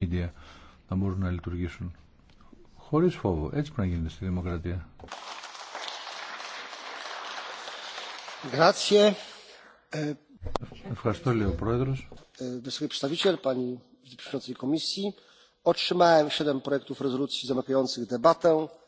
media να μπορούν να λειτουργήσουν. Χωρίς φόβο. Έτσι πρέπει να γίνεται στη δημοκρατία. Ε, Ευχαριστώ, λέει ο Πρόεδρος. Ε,